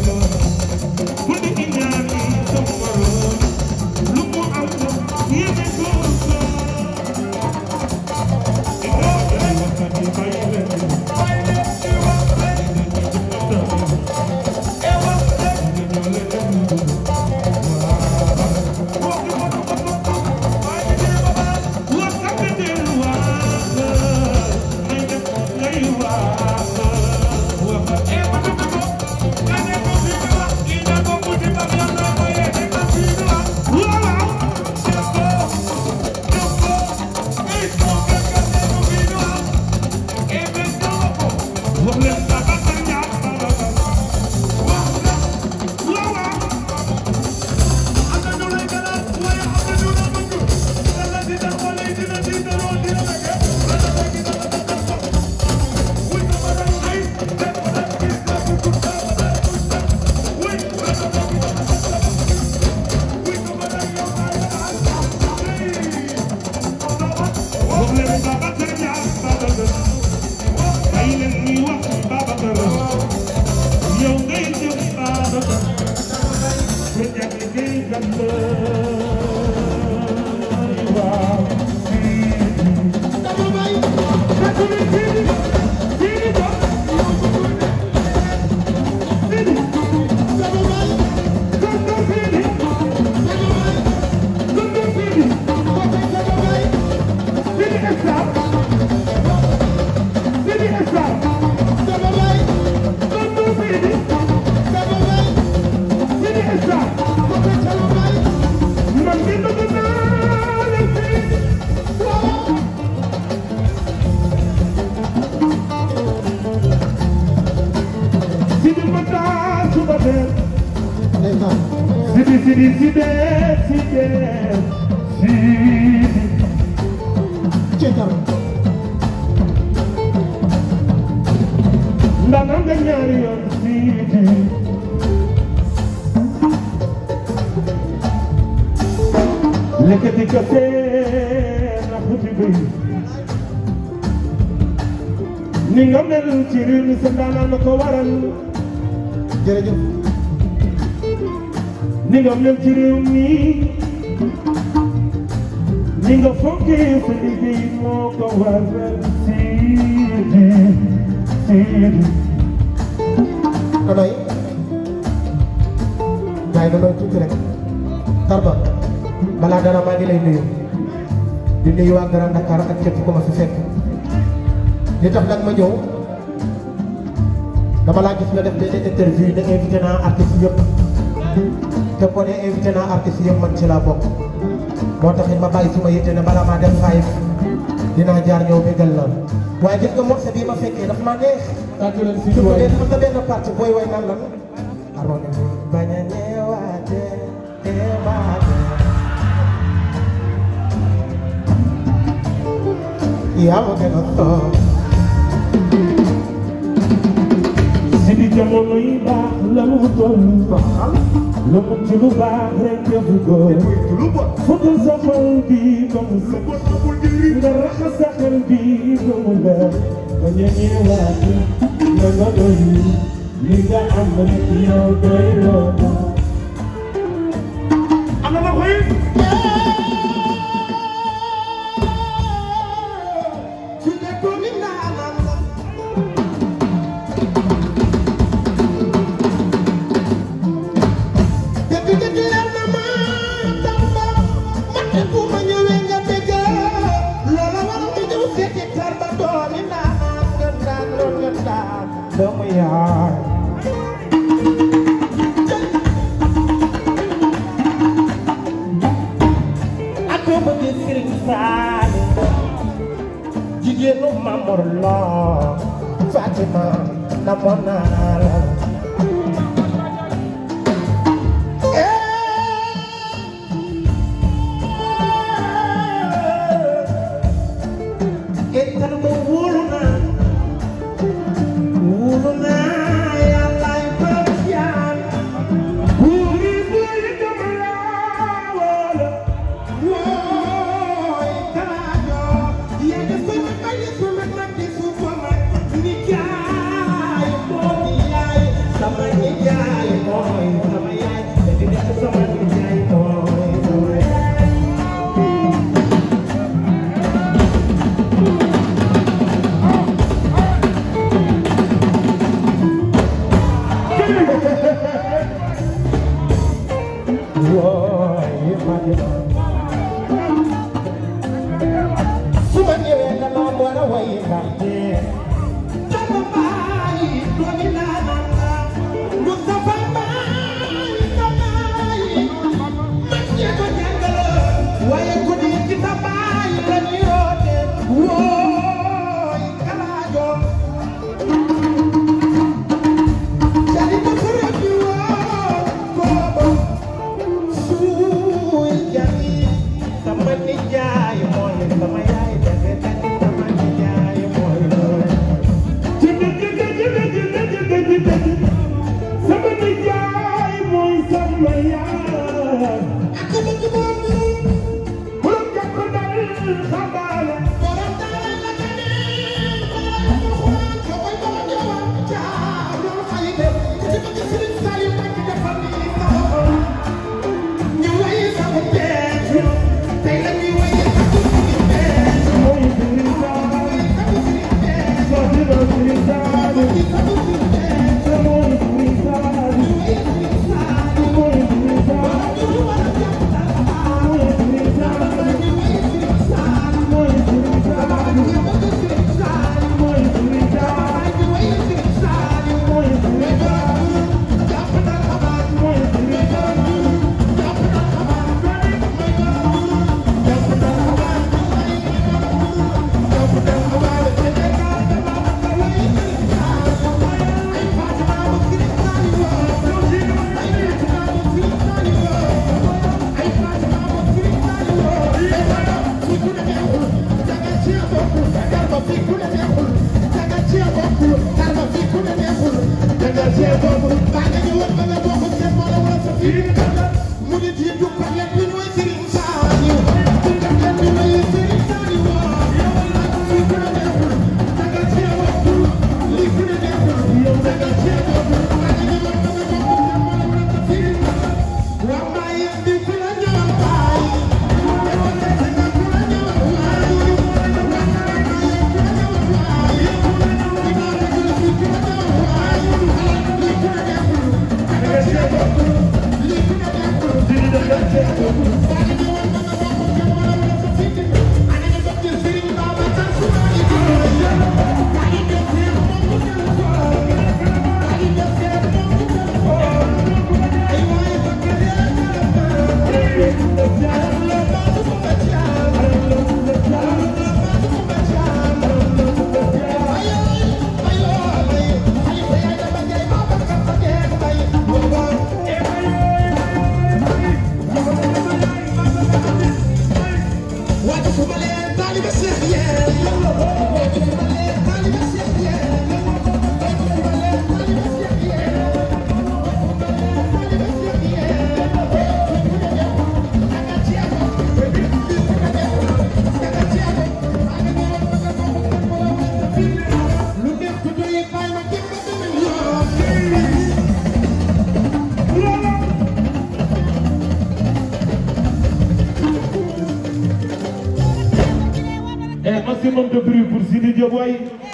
forever Sidi Sidi Sidi Sidi Cetal Ndana nga ñaari yoon Sidi Lekkati ka seen a xuti bay Ni nga mel ci réew mi sa ndaanaan waral Jërëjëf ni nga mel ci réew mi ni nga fonkee sa liggéey moo ko waral Sidi Sidi anoy gaay danoo tuuti rek tarba dara maa ngi lay nuyu di ma fi dama laa gis nga def benn interview ne invité naa artiste yëpp te boo dee invité naa artistes yëpp man ci laa bokk moo taxit ma bàyyi suma yitte balaa maa dem faayif dinaa jaar ñëw bégal la waaye gis nga morceau bii ma fekkee daf maa neex. tàggu leen fii waaye am na a neewaate yaa ma gën a jamono yi baax la mu toll lu mu ci lu baax rek defu ko fóotal sa xol bi ba mu set nga raxas sa xel bi ba mu leer ba ñeñeewaat la nga doy li nga am rek yow doy loo ana la ko yi yéenu Maam Mor Lo Fatima namoon naa la su ma ñëwee danaa mën a way ndax maximum de bruit pour Sidi Diop